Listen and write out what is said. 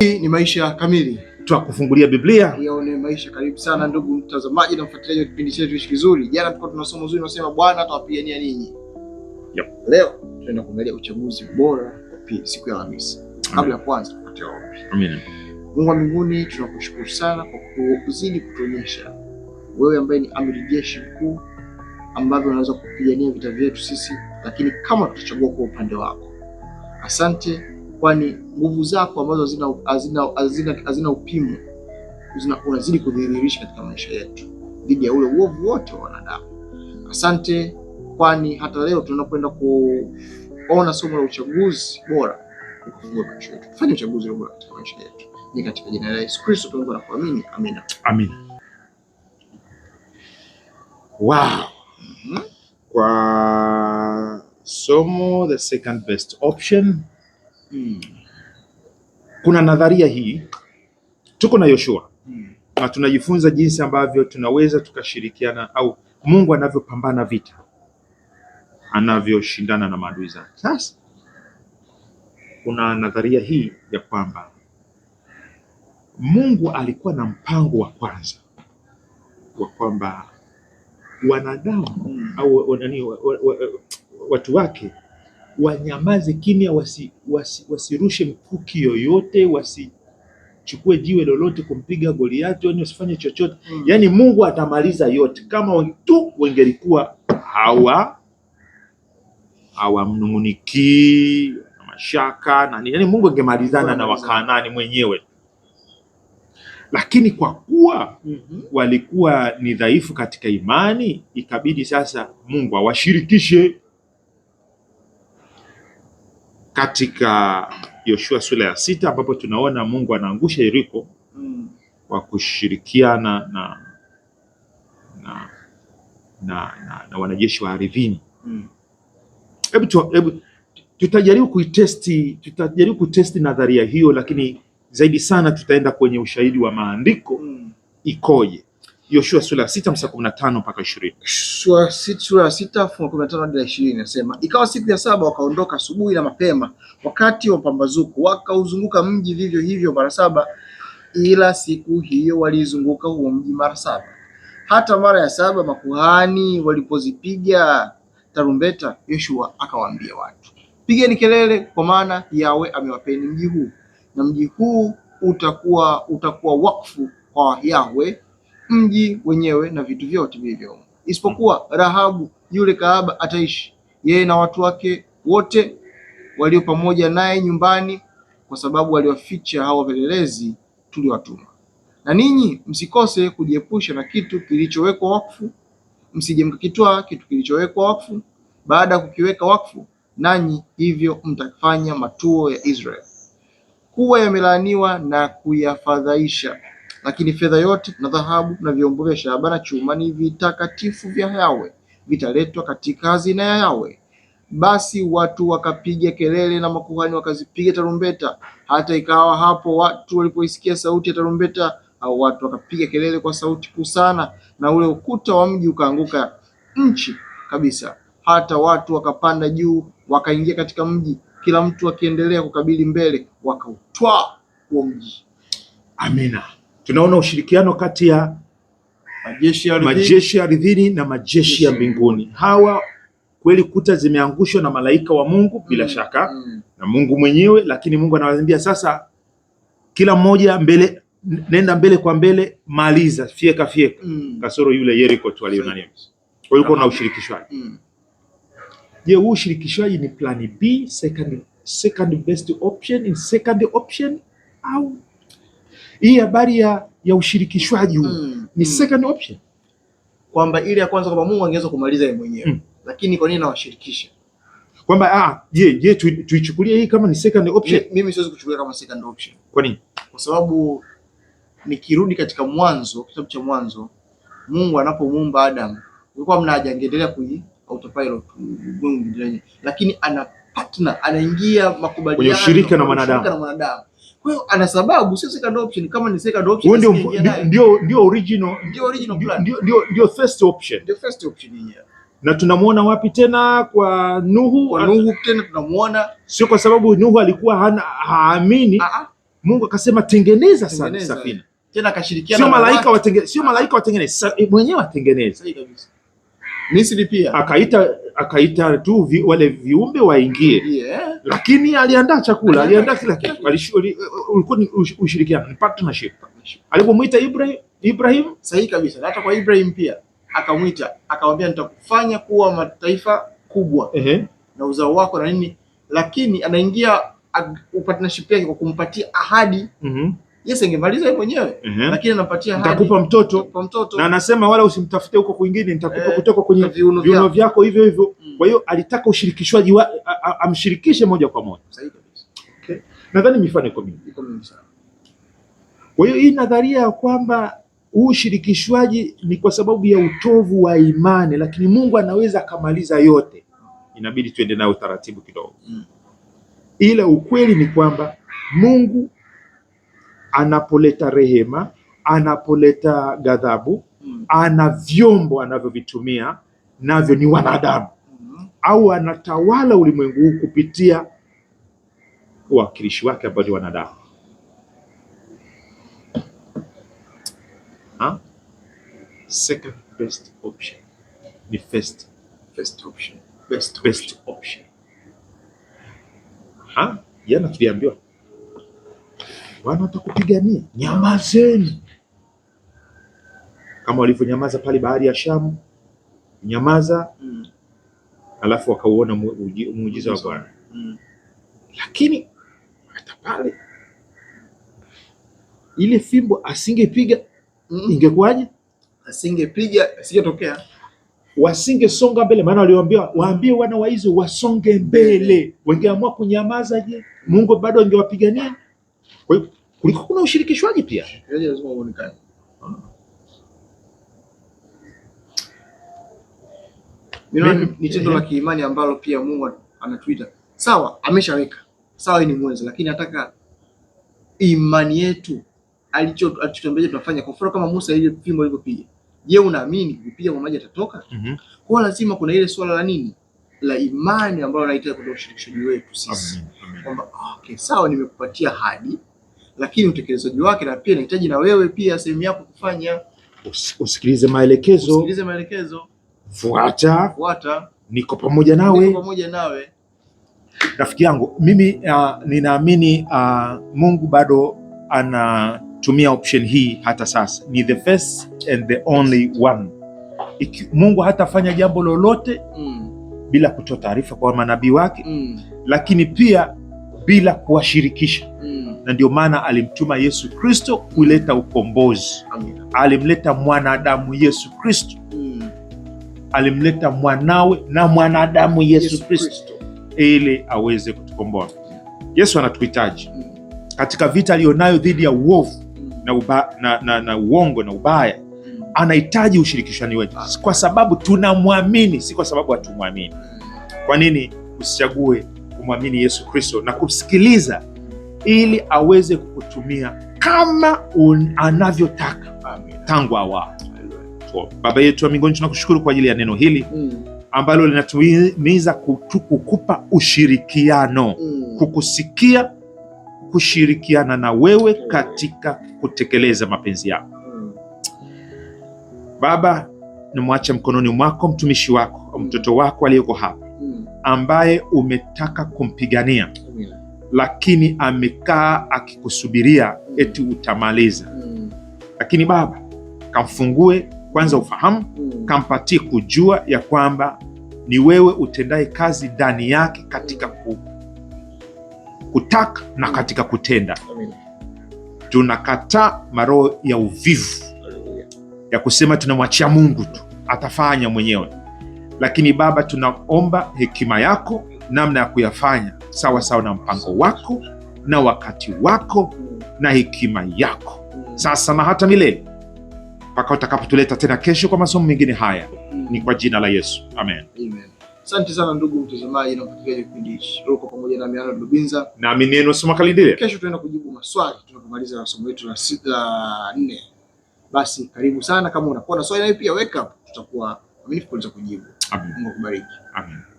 Hii ni Maisha Kamili, twakufungulia Biblia. Yaone maisha. Karibu sana ndugu mtazamaji na mfuatiliaji wa kipindi chetu hiki kizuri. Jana tulikuwa tuna somo zuri, tunasema Bwana atawapigania ninyi. Yep. Leo tunaenda kuangalia uchaguzi bora wa siku ya Alhamisi. Kabla ya kwanza tupate ombi. Amina. Mungu wa mbinguni, tunakushukuru sana kwa kuzidi kutuonyesha wewe ambaye ni amiri jeshi mkuu, ambavyo unaweza kupigania vita vyetu sisi, lakini kama tutachagua kwa upande wako. Asante kwani nguvu zako ambazo hazina hazina hazina hazina upimo unazidi kudhihirisha katika maisha yetu dhidi ya ule uovu wote wa wanadamu. Asante, kwani hata leo tunapoenda kuona somo la uchaguzi bora, ukafungua maisha yetu, fanya uchaguzi bora katika maisha yetu. Ni katika jina la Yesu Kristo tunaomba na kuamini, amina, amina. Wow. Mm -hmm. Kwa somo the second best option kuna nadharia hii tuko na Yoshua mm. na tunajifunza jinsi ambavyo tunaweza tukashirikiana au Mungu anavyopambana vita, anavyoshindana na maadui zake. Sasa kuna nadharia hii ya kwamba Mungu alikuwa na mpango wa kwanza wa kwamba wanadamu mm. au nani, watu wake wanyamaze kimya, wasirushe wasi, wasi mkuki yoyote, wasichukue jiwe lolote kumpiga Goliati, yani wasifanye chochote mm. Yani Mungu atamaliza yote kama tu wengelikuwa hawa hawamnung'unikii na mashaka nani, yani Mungu angemalizana na Wakaanani mwenyewe, lakini kwa kuwa mm -hmm. walikuwa ni dhaifu katika imani, ikabidi sasa Mungu awashirikishe katika Yoshua sura ya sita ambapo tunaona Mungu anaangusha Yeriko mm. kwa kushirikiana na na, na, na, na wanajeshi wa ardhini mm. hebu mm. hebu tutajaribu kuitesti tutajaribu kutesti nadharia hiyo, lakini zaidi sana tutaenda kwenye ushahidi wa maandiko mm. ikoje Yoshua sura ya sita mstari kumi na tano mpaka ishirini. Sura ya sita fungu kumi na tano hadi ishirini inasema, ikawa siku ya saba wakaondoka asubuhi na mapema, wakati wa pambazuko, wakauzunguka mji vivyo hivyo mara saba, ila siku hiyo waliizunguka huo mji mara saba. Hata mara ya saba makuhani walipozipiga tarumbeta, Yoshua akawaambia watu, pigeni kelele, kwa maana Yawe amewapeni mji huu, na mji huu utakuwa utakuwa wakfu kwa Yawe mji wenyewe na vitu vyote vilivyomo, isipokuwa Rahabu yule kahaba ataishi yeye na watu wake wote walio pamoja naye nyumbani, kwa sababu waliwaficha hao wapelelezi tuliwatuma. Na ninyi msikose kujiepusha na kitu kilichowekwa wakfu, msije mkakitwaa kitu kilichowekwa wakfu baada ya kukiweka wakfu, nanyi hivyo mtafanya matuo ya Israeli kuwa yamelaaniwa na kuyafadhaisha. Lakini fedha yote na dhahabu na vyombo vya shaba na chuma ni vitakatifu vya Yawe, vitaletwa katika hazina ya Yawe. Basi watu wakapiga kelele na makuhani wakazipiga tarumbeta. Hata ikawa hapo watu walipoisikia sauti ya tarumbeta, au watu wakapiga kelele kwa sauti kuu sana, na ule ukuta wa mji ukaanguka nchi kabisa. Hata watu wakapanda juu, wakaingia katika mji, kila mtu akiendelea kukabili mbele, wakautwaa huo mji. Amina tunaona ushirikiano kati ya majeshi ya ardhini na majeshi ya mbinguni. Hawa kweli kuta zimeangushwa na malaika wa Mungu bila mm, shaka mm, na Mungu mwenyewe, lakini Mungu anawaambia sasa, kila mmoja mbele, nenda mbele kwa mbele, maliza fyeka fyeka mm, kasoro yule Yeriko tu alionani. Kwa hiyo kuna ushirikishwaji mm. Je, huu ushirikishwaji ni plan B, second, second best option, in second option au hii habari ya, ya ushirikishwaji huu mm, ni mm, second option kwamba ile ya kwanza kwamba Mungu angeweza kumaliza yeye mwenyewe mm, lakini kwa nini anawashirikisha kwamba ah, je je tuichukulie tu hii kama ni second option? Mi, Mimi siwezi kuchukulia kama second option. Kwa nini? Kwa sababu nikirudi katika Mwanzo, kitabu cha Mwanzo, Mungu anapomuumba Adam ulikuwa mna haja angeendelea kui autopilot Mungu, lakini ana partner, anaingia makubaliano kwenye ushirika na mwanadamu kwa hiyo ana sababu sio second option, kama ni second option ndio ndio ndio original ndio original plan ndio ndio first option ndio first option yenyewe na tunamuona wapi tena? Kwa Nuhu, kwa Nuhu tena tunamuona, sio kwa sababu Nuhu alikuwa hana, haamini Aha. Mungu akasema tengeneza safina tena, akashirikiana na malaika watengeneze, sio malaika watengeneze, mwenyewe atengeneze. Misri pia akaita akaita tu vi, wale viumbe waingie, yeah. Lakini aliandaa chakula, aliandaa kila kitu, ulikuwa ni ushirikiano, partnership. Alipomwita Ibrahim, Ibrahim sahihi kabisa, hata kwa Ibrahim pia akamwita, akamwambia nitakufanya kuwa mataifa kubwa, uh -huh. na uzao wako na nini, lakini anaingia partnership yake kwa kumpatia ahadi uh mhm. -huh. Yes, ingemaliza yeye mwenyewe uh -huh. Lakini anampatia hadi nitakupa mtoto mtoto, na anasema wala usimtafute huko kwingine, nitakupa eh, kutoka kwenye viuno vyako hivyo hivyo. Mm. Kwa hiyo alitaka ushirikishwaji wa amshirikishe moja kwa moja. Okay. Nadhani mifano iko mingi. Iko mingi sana. Kwa hiyo hii nadharia ya kwamba huu ushirikishwaji ni kwa sababu ya utovu wa imani, lakini Mungu anaweza akamaliza yote, inabidi tuende nayo taratibu kidogo mm. Ila ukweli ni kwamba Mungu anapoleta rehema, anapoleta ghadhabu mm. ana vyombo anavyovitumia navyo ni wanadamu mm. au anatawala ulimwengu huu kupitia wawakilishi wake ambao ni wanadamu ha? Second best option ni first best option, best option, option. Ha? Jana tuliambiwa Bwana atakupigania, nyamazeni kama walivyonyamaza pale bahari ya Shamu, nyamaza mm. alafu wakauona muujiza wa Bwana mm. lakini hata pale ile fimbo asingepiga mm. ingekuwaje? Asingepiga asingetokea, wasingesonga mbele, maana waliwaambia waambie wana wa Israeli wasonge mbele. Wangeamua kunyamaza, je, Mungu bado angewapigania? Kwa hiyo kuliko kuna ushirikishwaji pia lazima uonekane. Ni tendo la kiimani ambalo pia Mungu anatuita sawa, ameshaweka sawa, ni mwenza, lakini nataka imani yetu alichotutembelea tunafanya. Kwa mfano kama Musa, ile fimbo ilivyopiga, je, unaamini kupiga kwa maji atatoka? mm -hmm. Kwa lazima kuna ile swala la nini la imani ambayo nahitaji kutoka ushirikishaji wetu sisi kwamba okay, sawa, nimekupatia hadi lakini utekelezaji wake na pia inahitaji na wewe pia sehemu yako kufanya. Usikilize maelekezo, usikilize maelekezo, fuata, fuata. Niko pamoja nawe, niko pamoja nawe rafiki yangu. Mimi uh, ninaamini uh, Mungu bado anatumia option hii hata sasa, ni the first and the only one. Iki, Mungu hatafanya jambo lolote mm. bila kutoa taarifa kwa manabii wake mm. lakini pia bila kuwashirikisha mm na ndio maana alimtuma Yesu Kristo kuleta ukombozi. Alimleta mwanadamu Yesu Kristo mm. alimleta mwanawe na mwanadamu Yesu, Kristo ili aweze kutukomboa. Mm. Yesu anatuhitaji mm. katika vita aliyonayo dhidi ya uovu mm. na, uba, na, na, na uongo na ubaya mm. anahitaji ushirikishani wetu kwa sababu tunamwamini, si kwa sababu hatumwamini. Mm. Kwa nini usichague kumwamini Yesu Kristo na kumsikiliza ili aweze kukutumia kama anavyotaka tangu awali. Baba yetu wa mbinguni, tunakushukuru kwa ajili ya neno hili mm. ambalo linatumiza kukupa ushirikiano mm. kukusikia, kushirikiana na wewe mm. katika kutekeleza mapenzi yako mm. Baba, nimwache mkononi mwako mtumishi wako mm. mtoto wako aliyoko hapa mm. ambaye umetaka kumpigania lakini amekaa akikusubiria eti utamaliza. Lakini Baba kamfungue kwanza ufahamu, kampatie kujua ya kwamba ni wewe utendaye kazi ndani yake katika kutaka na katika kutenda. Tunakataa maroho ya uvivu ya kusema tunamwachia Mungu tu atafanya mwenyewe, lakini Baba tunaomba hekima yako namna ya kuyafanya sawa sawa na mpango wako na wakati wako na hekima yako, sasa na hata milele, mpaka utakapotuleta tena kesho kwa masomo mengine haya. Ni kwa jina la Yesu, amen, amen. Asante sana ndugu mtazamaji na mfuatiliaji kipindi hiki. Ruko pamoja na Miano Dubinza. Na mimi neno soma kalidile. Kesho tunaenda kujibu maswali tunapomaliza masomo yetu la sita nne. Basi karibu sana kama unakuwa na swali na pia wake up tutakuwa mimi kuweza kujibu. Amen. Mungu akubariki. Amen.